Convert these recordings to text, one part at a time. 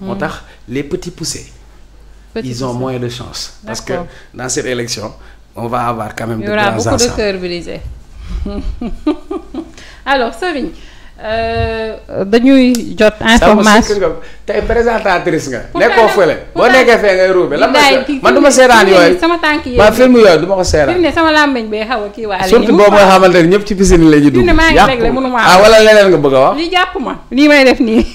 moo tax les petits poussés Petit ils ont poussé. de chance parce que dans cette élection on va avoir quand même de grands ensembles. Il y aura beaucoup de cœurs brisés alors Serigne Euh, dañuy jot information. tey présentatrice nga. nekkoo fële boo nekkee fee ngay ruube lan mooy man du ma seetaan yooyu. sama tànk yi waaw film yooyu du ko seetaan. fi mu ne sama làmmiñ bi xaw a kii waale. surtout xamante ne ñëpp ci piscine la ñuy ah, a wax. jàpp ma lii may def nii.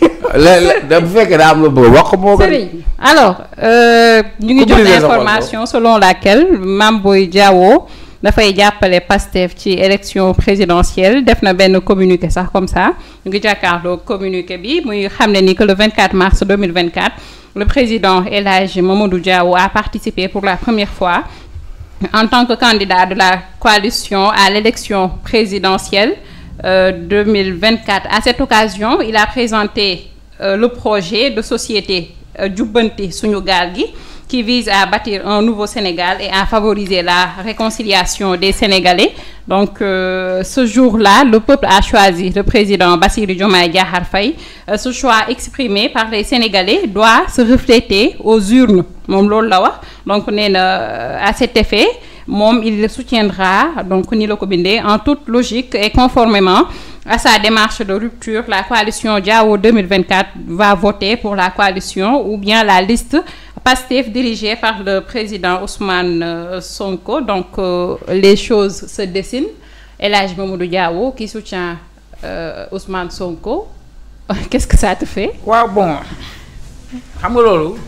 léeg-léeg bu fekkee daa am lu bëgg a wax moo gën. sëriñ alors. Euh, ñu ngi jot information selon laquelle Mame Boye jaawoo dafay jàppale Pastef ci élection présidentielle def na benn communiqué sax comme ça ñu ngi jàkkaarloo communiqué bi muy xam ne ni que le 24 mars 2024 le président El Hadj Mamadou Diaw a participé pour la première fois en tant que candidat de la coalition à l'élection présidentielle euh, 2024 à cette occasion il a présenté euh, le projet de société euh, jubbanti suñu gaal gi qui vise à bâtir un nouveau Sénégal et à favoriser la réconciliation des Sénégalais. Donc euh, ce jour-là, le peuple a choisi le président Bassirou Diomaye Diakhar Faye. Euh, ce choix exprimé par les Sénégalais doit se refléter aux urnes. moom loolu la wax donc nee na euh, à cet effet moom il le soutiendra donc ni la ko bindee en toute logique et conformément à sa démarche de rupture la coalition Diao 2024 va voter pour la coalition ou bien la liste PASTEF dirigé par le président Ousmane euh, Sonko donc euh, les choses se dessinent El Hadj Mamadou du qui soutient euh, Ousmane Sonko qu'est-ce que ça te fait. waaw bon xam nga loolu.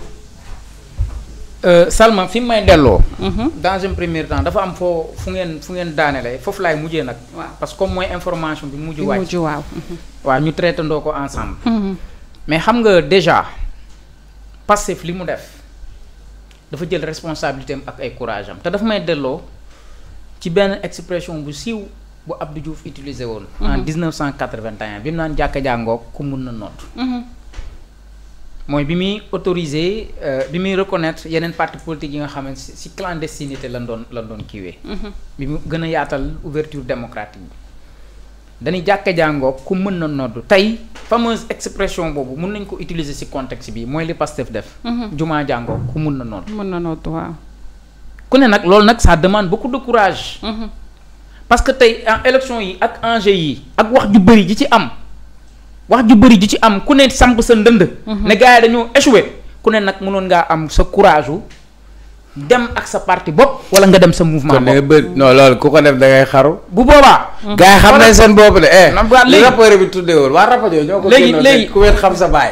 Euh, Salma fi mu may delloo. Mhm. dans un premier temps dafa am foo fu ngeen fu ngeen daanelee foofu laay mujjee nag. parce que mooy information bi mujj. wàcc waaw. Mhm. waaw ñu traité ndoo ko ensemble. Mhm. mais xam nga déjà Pastef li mu def. dafa jël responsabilité am ak ay courage te dafa may delloo ci benn expression bu siiw bu Abdou Diouf utiliser woon. Mhm. en 1981 bi mu naan jàkka jàngoog ku mun na noot. Mhm. mooy bi muy autorisé euh, bi muy reconnaître yeneen parti politique yi nga xam ne si clandestinité lan doon lan doon kiiwee. Mhm. bi mu gën a yaatal ouverture démocratique bi. dañuy jàkka jàngoog ku mën na nodd tey. fameuse expression boobu mun nañ ko utiliser ci contexte bi mooy li Pastef def. Mhm. jumaa jàngoo ku mun na noot. mun na noot waaw. ku ne nag loolu nag ça demande beaucoup de courage. Mhm. parce que tey élection yi ak enjeu yi ak wax ju bëri ji ci am wax ju bëri ji ci am ku ne samp sa ndënd. Mhm. ne gars yi dañoo échoué ku ne nag mënoon ngaa am sa courage dem ak sa parti bopp wala nga dem sa mouvement bopp ko def da ngay xaru bu bopp eh, sa baay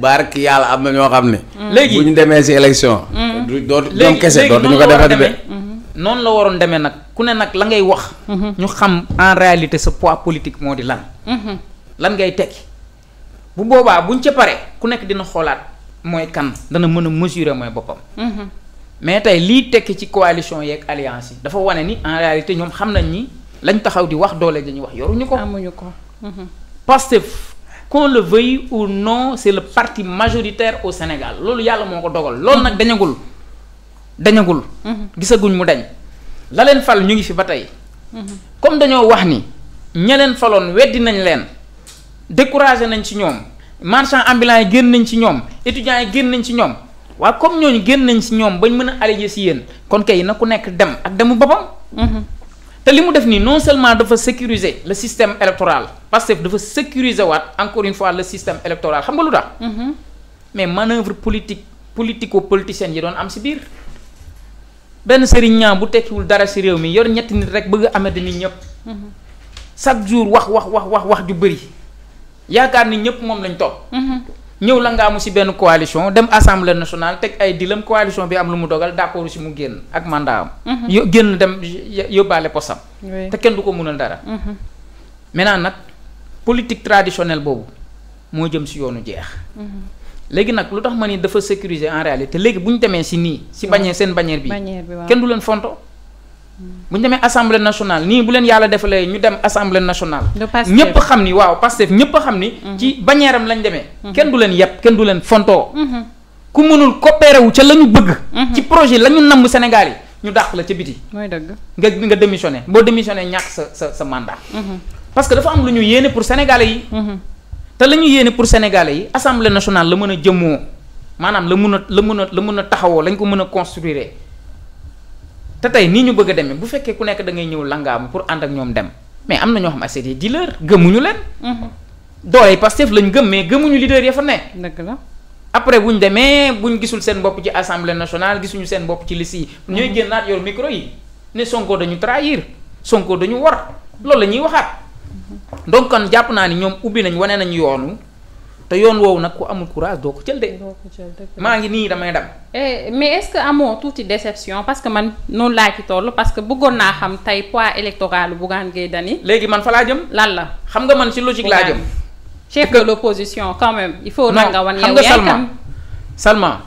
baar ki yàlla am na ñoo xam ne mm. léegi bu ñu demee si élection mm. dootu ñoom kese ko defati de mm-hmm. noonu la waroon demee nag ku ne nag la ngay wax mm-hmm. ñu xam en réalité sa poids politique moo di lan mm-hmm. lan ngay tekki bu boobaa buñ ca pare ku nekk dina xoolaat mooy kan dana mën a mesurer mooy boppam mais tey lii tekki ci coalition yeeg alliance yi dafa wane ni en réalité ñoom xam nañ ni lañ taxaw di wax doole dañuy wax yoruñu ko. amuñu ko. Mhm. Pastef qu'on le veuille ou no c'est le parti majoritaire au Sénégal loolu yàlla moo ko dogal. loolu nag mhm. dañagul dañagul. Mhm. gisaguñ mu dañ. la leen fal ñu ngi fi ba tey. comme dañoo wax ni ña faloon weddi nañ leen découragé nañ ci ñoom marchand ambulant yi génn nañ ci ñoom étudiants yi génn nañ ci ñoom. waa comme ñooñu génn nañ si ñoom bañ mën a alléger si yéen kon kay na ku nekk dem ak demu boppam. Mhm. te li mu def nii non seulement dafa sécuriser le système électoral Pastef dafa sécuriser waat encore une fois le système électoral xam nga lu tax. Mhm. mais manœuvre politique politico politicienne yi doon am si biir. benn sëriñ ñaa bu tekkiwul dara si réew mi yor ñetti nit rek bëgg a amati nit ñëpp. Mhm. chaque jour wax wax wax wax wax ju bëri yaakaar ni ñëpp moom lañ topp. ñëw la nga amu si benn coalition dem assemblée nationale teg ay dilam coalition bi am lu mu dogal d'accord si mu génn ak mandat am. Mhm. yo génn dem yóbbaale posam. te kenn du ko mënal dara. Mhm. maintenant nag politique traditionnelle boobu moo jëm si yoonu jeex. Mhm. léegi nag lu tax ma ni dafa sécuriser en te léegi bu ñu demee si nii. si bañee seen bannière bi. bannière kenn du leen fonto. bu ñu demee assemblée nationale nii bu leen yàlla defalee ñu dem assemblée nationale. ñëpp xam ni waaw Pastef ñëpp a xam ni. Mhm. ci bannièram lañ demee. Mhm. kenn du leen yeb kenn du leen fontoo. Mhm. ku mënul coopéré wu ca la ñu bëgg. ci projet la ñu namm Sénégal yi ñu dàq la ca biti. mooy dëgg nga nga démissionné boo démissionné ñàkk sa sa sa mandat. parce que dafa am lu ñu yéene pour sénégalais yi. te la ñu yéene pour sénégalais yi assemblée nationale la mën a jëmmoo maanaam la mën a la mën a la mën a taxawoo lañ ko mën a construire. te tey nii ñu bëgg a demee bu fekkee ku nekk da ngay ñëw langaam pour ànd ak ñoom dem mais am na ñoo xam ne c'est des dealers gëmuñu leen. Mhm. doole yi Pastef lañ gëm mais gëmuñu leader ya fa ne. dëgg la après bu ñu demee bu ñu gisul seen bopp ci assemblée nationale gisuñu seen bopp ci liste yi. ñooy mhm. génnaat yor micro yi ne Sonko dañu trahir Sonko dañu war loolu la ñuy waxaat mhm. donc kon jàpp naa ne ñoom ubbi nañ wane nañu yoonu. te yoon woowu nag ku amul courage doo ko jël de. maa ngi nii damay dem. Eh, mais est amoo tuuti déception parce que man noon laa ci toll parce que bëggoon naa xam tey poids électoral Bougane Gueye Dany. léegi man fa laa jëm. lan la xam nga man ci logique laa jëm. chef de l'opposition quand même. il faut na nga wan yow xam nga Salma Salma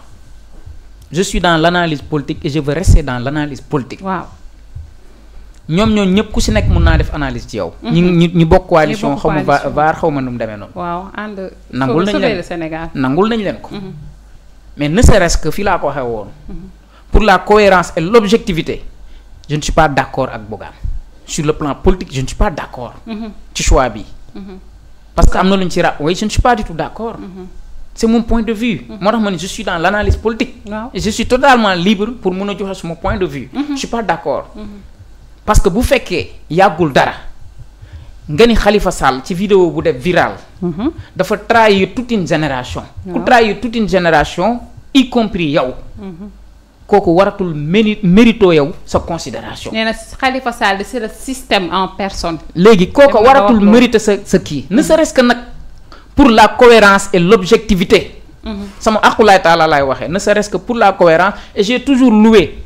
je suis dans l'analyse politique et je veux rester dans l'analyse politique. waaw. ñoom ñooñu ñëpp ku si nekk mun naa def analyse ci yow. ñu ñu ñu bokk coalition xaw ma vaar xaw ma nu mu demee noonu. waaw ànd. nangul nañ leen ko. Mhm. mais ne serait-ce que laa ko waxee woon. Mhm. pour la cohérence et l'objectivité je ne suis pas d'accord ak Bougane sur le plan politique je ne suis pas d'accord. Mhm. ci choix bi. parce que am na lu ñu ci ra oui je ne suis pas du tout d'accord. c'est mon point de vue. moo tax ma ne je suis dans l'analyse politique. je suis totalement libre pour mun a joxe parce que bu fekkee yàggul dara nga ni xalifa Sall ci vidéo bu def viral mhm. dafa trahir toute une génération ku trahir toute une génération compris yow mhm. kooku waratul mérito yow sa considération nee na Khalifa Sall en personne léegi kooku waratul mérite sa sa kii ne sa resque nag pour la cohérence et l'objectivité mhm. sama aqulaay taala laay waxee ne sa resque pour la cohérence et toujours loué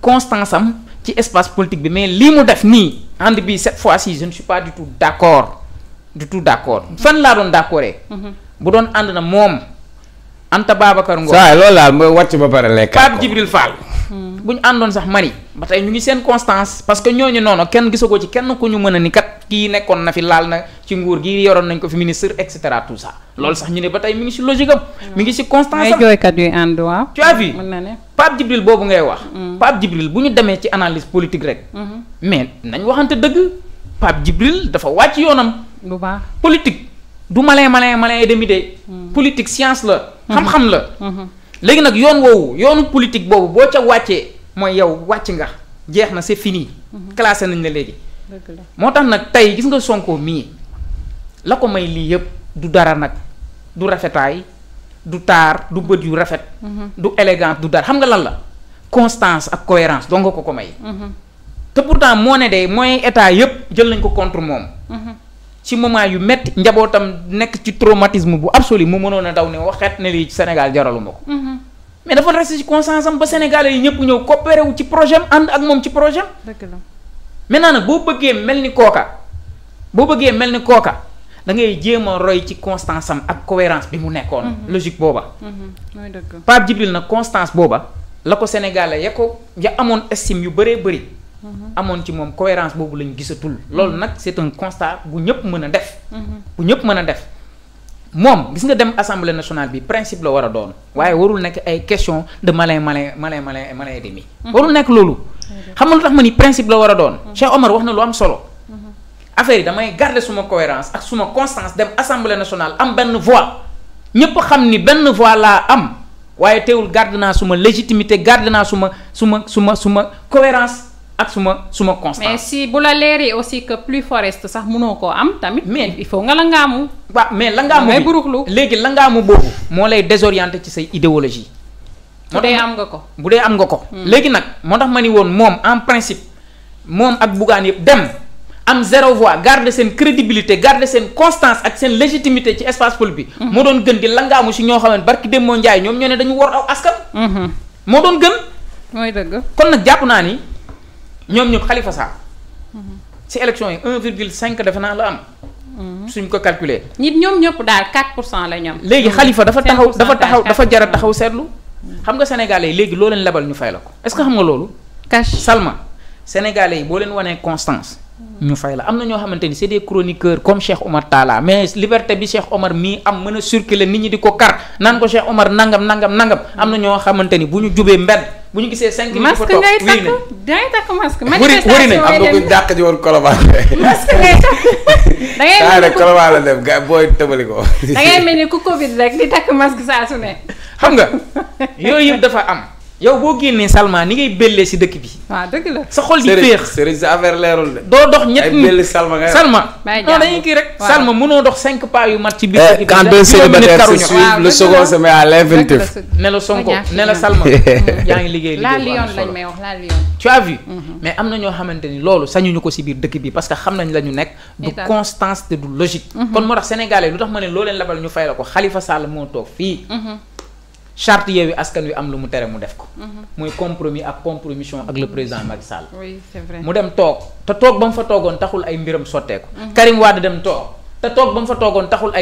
constance am ci espace politique bi mais lii mu def nii ànd bi cette fois-ci je pas du tout d'accord du tout d'accord fan laa doon d'accordé mhm. bu doon ànd na moom Anta Babacar Ngom saa loolu laa wàcc ba pare lekk Pape Djibril Fall mhm. bu ñu àndoon sax mani ba tey ñu ngi seen constance parce que ñooñu noonu kenn gisagoo ci kenn ku ñu mën a ni kat kii nekkoon na fi laal na ci nguur gi yoroon nañ ko fi ministre et cetera tout ça loolu sax ñu ne ba tey mi ngi si logique am. mi ngi si constance am jooykat yuy ànd waaw. tu as vu mën na ne Pape Djibril boobu ngay wax. Mm. Pape Djibril bu ñu demee ci analyse politique rek. Mm-hmm. mais nañ waxante dëgg Pape Djibril dafa wàcc yoonam. bu baax politique du malin malin malin demi de. Mm. politique science la. Mm-hmm. xam-xam la. Mm-hmm. léegi nag yoon woowu yoonu politique boobu boo ca wàccee. mooy yow wàcc nga jeex na c'est fini. Mhm. classé nañ la léegi. moo tax nag tey gis nga Sonko mii la ko may lii yëpp du dara nag du rafetaay du taar du bët yu rafet. Mhm. du élégante du dara xam nga lan la constance ak cohérence doo nga ko ko may. Mhm. te pourtant moo ne de moyen état yëpp jël nañ ko contre moom. ci moment yu metti njabootam nekk ci traumatisme bu absolu mu mënoon a daw ne waxeet ne lii Sénégal jaraluma ko. mais dafa resté ci conscience am ba sénégalais yi ñëpp ñëw coopéré ci projet am ak moom ci projet am. dëgg la maintenant nag boo bëggee mel ni kooka boo bëggee mel ni kooka da ngay jéem a roy ci constance am ak cohérence bi mu nekkoon. Mm-hmm. logique booba. Mm-hmm. mooy dëgg Pape Djibril nag constance booba la ko sénégalais ya ko ya amoon estime yu bëree bëri. Mm-hmm. amoon ci moom cohérence boobu lañ gisatul. loolu nag c'est un constat bu ñëpp mën a def. bu ñëpp mën a def. moom gis nga dem assemblée nationale bi principe la war a doon waaye warul nekk ay question de malin malin malin malin malin demi mhm. warul nekk loolu mhm. xam nga lu tax ma ni principe la war a doon mhm. Cheikh Omar wax na lu am solo affaire yi damay garder suma cohérence ak suma constance dem assemblée nationale am benn voix ñépp xam ni benn voix laa am waaye teewul garde naa suma légitimité garde naa suma suma suma suma cohérence ak suma suma constat. mais si bu la leeree aussi que plus forest sax munoo koo am tamit. mais il faut nga la ngaamu. waaw mais la ngaamu bi buruxlu léegi la ngaamu boobu. moo lay désorienté ci sa idéologie. bu dee am nga ko bu dee am nga ko. Hmm. léegi nag moo tax ma ni woon moom en principe moom ak Bougane yëpp dem am zéro voix garder seen crédibilité garder seen constance ak seen légitimité ci espace public bi. Hmm. moo doon gën di la ngaamu si ñoo xamante barki Demba Ndiaye ñoom ñoo ne dañu war aw askan. Hmm. moo doon gën. mooy dëgg kon jàpp naa ni. ñoom ñëpp Khalifa Sall mhm. ci élection yi cinq defe naa la am. Mhm. suñ ko calculer nit ñoom ñëpp daal 4 pour cent la ñoom. léegi xalifa mhm. dafa taxaw dafa taxaw dafa jar taxaw seetlu. xam nga sénégalais yi léegi loo leen lebal ñu fay la ko est-ce que xam nga loolu. cash Salma sénégalais yi boo leen wanee constance. ñu fay la am na ñoo xamante ni c'est des chroniqueurs comme Cheikh Omar Talla mais liberté bi Cheikh Omar mii am mën a surculer nit ñi di ko kar naan ko Cheikh Omar nangam nangam nangam am na ñoo xamante ni bu ñu jubee mbedd. bu ñu gisee cinq minutes fa toog masque ngay takk dangay takk masque. manifestation am na ku dàq ci woon Colobane. masque ngay takk da ngay mel ni Colobane la dem ga booy tëbali ko. da ngay mel ni ku Covid rek di takk masque saa su ne. xam nga yooyu yëpp dafa am. yow boo génnee Salma ni ngay bellee si dëkk bi. waaw dëgg la sa xol di féex. sa affaire leerul de. doo dox ñett ñi Salma ngay Salma. kii rek. Salma mënoo dox cinq pas yu mat ci biir. Eh, dëkk bi quand deux célibataires se la Sonko ne Salma. yaa ngi liggéey liggéey la Lyon lañ vu. Mhm. mais am na ñoo xamante ni loolu sañuñu ko si biir dëkk bi parce que xam nañ la ñu nekk. du constance te du logique. Mhm. kon moo tax sénégalais lu tax ma ne loo leen labal ñu fay la ko Khalifa Sall moo toog fii mhm. charte Yewwi Askan Wi am lu mu tere mu def ko. Mhm. muy compromis ak compromission ak le président Macky mu dem toog te toog ba mu fa toogoon taxul ay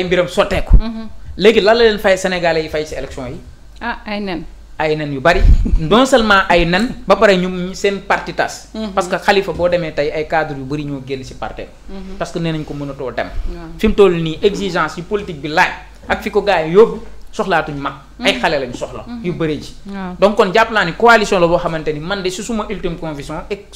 mbiram sotteeku. Mhm. Mhm. léegi lan la leen fay sénégalais yi fay ci élection yi. ah ay nen. ay nen yu bari non seulement ay nen ba pare ñu seen parti tas. parce que xalifa boo demee tey ay cadre yu bari ñoo génn ci parti parce que nee nañ ko mënatoo dem. fi toll nii exigence yu politique bi laaj. ak fi ko gars yi soxlaatuñ mag mm. ay xale lañ soxla mm-hmm. yu bëree ji donc kon jàpp naa ne coalition la boo xamante ni man de si suma ultime conviction